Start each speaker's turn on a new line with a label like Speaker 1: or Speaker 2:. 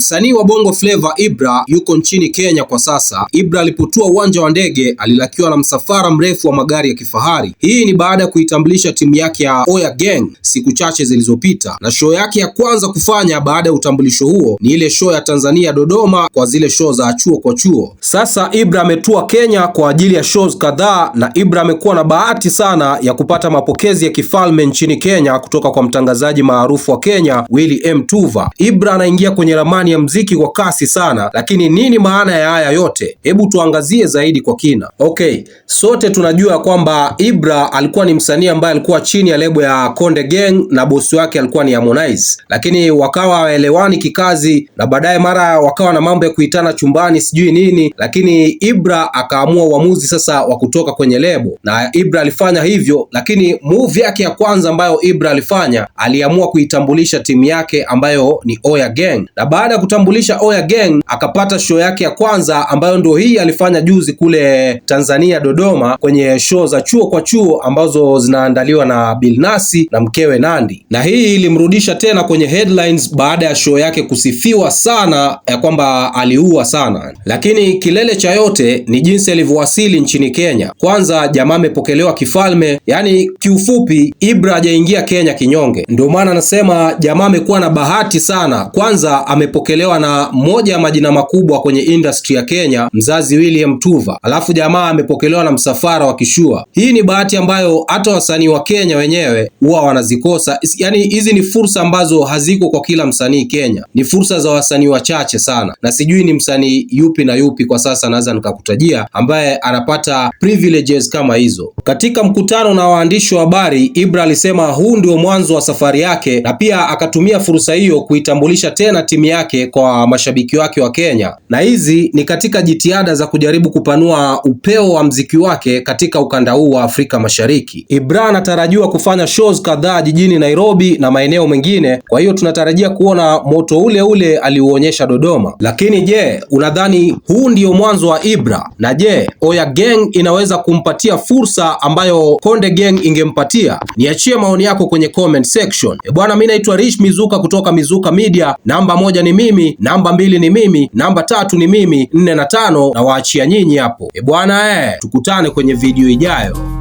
Speaker 1: Msanii wa Bongo Flava Ibra yuko nchini Kenya kwa sasa. Ibra alipotua uwanja wa ndege alilakiwa na msafara mrefu wa magari ya kifahari. Hii ni baada ya kuitambulisha timu yake ya Oya Gang siku chache zilizopita, na show yake ya kwanza kufanya baada ya utambulisho huo ni ile show ya Tanzania Dodoma, kwa zile show za chuo kwa chuo.
Speaker 2: Sasa Ibra ametua Kenya kwa ajili ya shows kadhaa, na Ibra amekuwa na bahati sana ya kupata mapokezi ya kifalme nchini Kenya kutoka kwa mtangazaji maarufu wa Kenya Willy M Tuva. Ibra anaingia kwenye ramani ya mziki kwa kasi sana, lakini nini maana ya haya yote? Hebu tuangazie zaidi kwa kina. Okay, sote tunajua kwamba Ibra alikuwa ni msanii ambaye alikuwa chini ya lebo ya Konde Gang na bosi wake alikuwa ni Harmonize, lakini wakawa hawaelewani kikazi, na baadaye mara wakawa na mambo ya kuitana chumbani sijui nini, lakini Ibra akaamua uamuzi sasa wa kutoka kwenye lebo, na Ibra alifanya hivyo, lakini move yake ya kwanza ambayo Ibra alifanya aliamua kuitambulisha timu yake ambayo ni Oya Gang, na baada kutambulisha Oya Gang akapata show yake ya kwanza ambayo ndio hii alifanya juzi kule Tanzania Dodoma, kwenye show za chuo kwa chuo ambazo zinaandaliwa na Bilnasi na mkewe Nandi, na hii ilimrudisha tena kwenye headlines baada ya show yake kusifiwa sana ya kwamba aliua sana. Lakini kilele cha yote ni jinsi alivyowasili nchini Kenya. Kwanza jamaa amepokelewa kifalme, yani kiufupi, Ibra hajaingia Kenya kinyonge. Ndio maana anasema jamaa amekuwa na bahati sana, kwanza amepokelewa alipokelewa na moja ya majina makubwa kwenye industry ya Kenya, mzazi William Tuva, alafu jamaa amepokelewa na msafara wa kishua. Hii ni bahati ambayo hata wasanii wa Kenya wenyewe huwa wanazikosa. Yaani hizi ni fursa ambazo haziko kwa kila msanii Kenya, ni fursa za wasanii wachache sana, na sijui ni msanii yupi na yupi kwa sasa naweza nikakutajia ambaye anapata privileges kama hizo. Katika mkutano na waandishi wa habari, Ibra alisema huu ndio mwanzo wa safari yake, na pia akatumia fursa hiyo kuitambulisha tena timu yake yake kwa mashabiki wake wa Kenya, na hizi ni katika jitihada za kujaribu kupanua upeo wa mziki wake katika ukanda huu wa Afrika Mashariki. Ibra anatarajiwa kufanya shows kadhaa jijini Nairobi na maeneo mengine, kwa hiyo tunatarajia kuona moto ule ule aliuonyesha Dodoma. Lakini je, unadhani huu ndio mwanzo wa Ibra? Na je, Oya Gang inaweza kumpatia fursa ambayo Konde Gang ingempatia? Niachie maoni yako kwenye comment section. E bwana, mimi naitwa Rich Mizuka kutoka Mizuka Media. Namba moja ni mimi, namba mbili ni mimi, namba tatu ni mimi, nne na tano na waachia nyinyi hapo. E bwana, eh, tukutane kwenye video ijayo.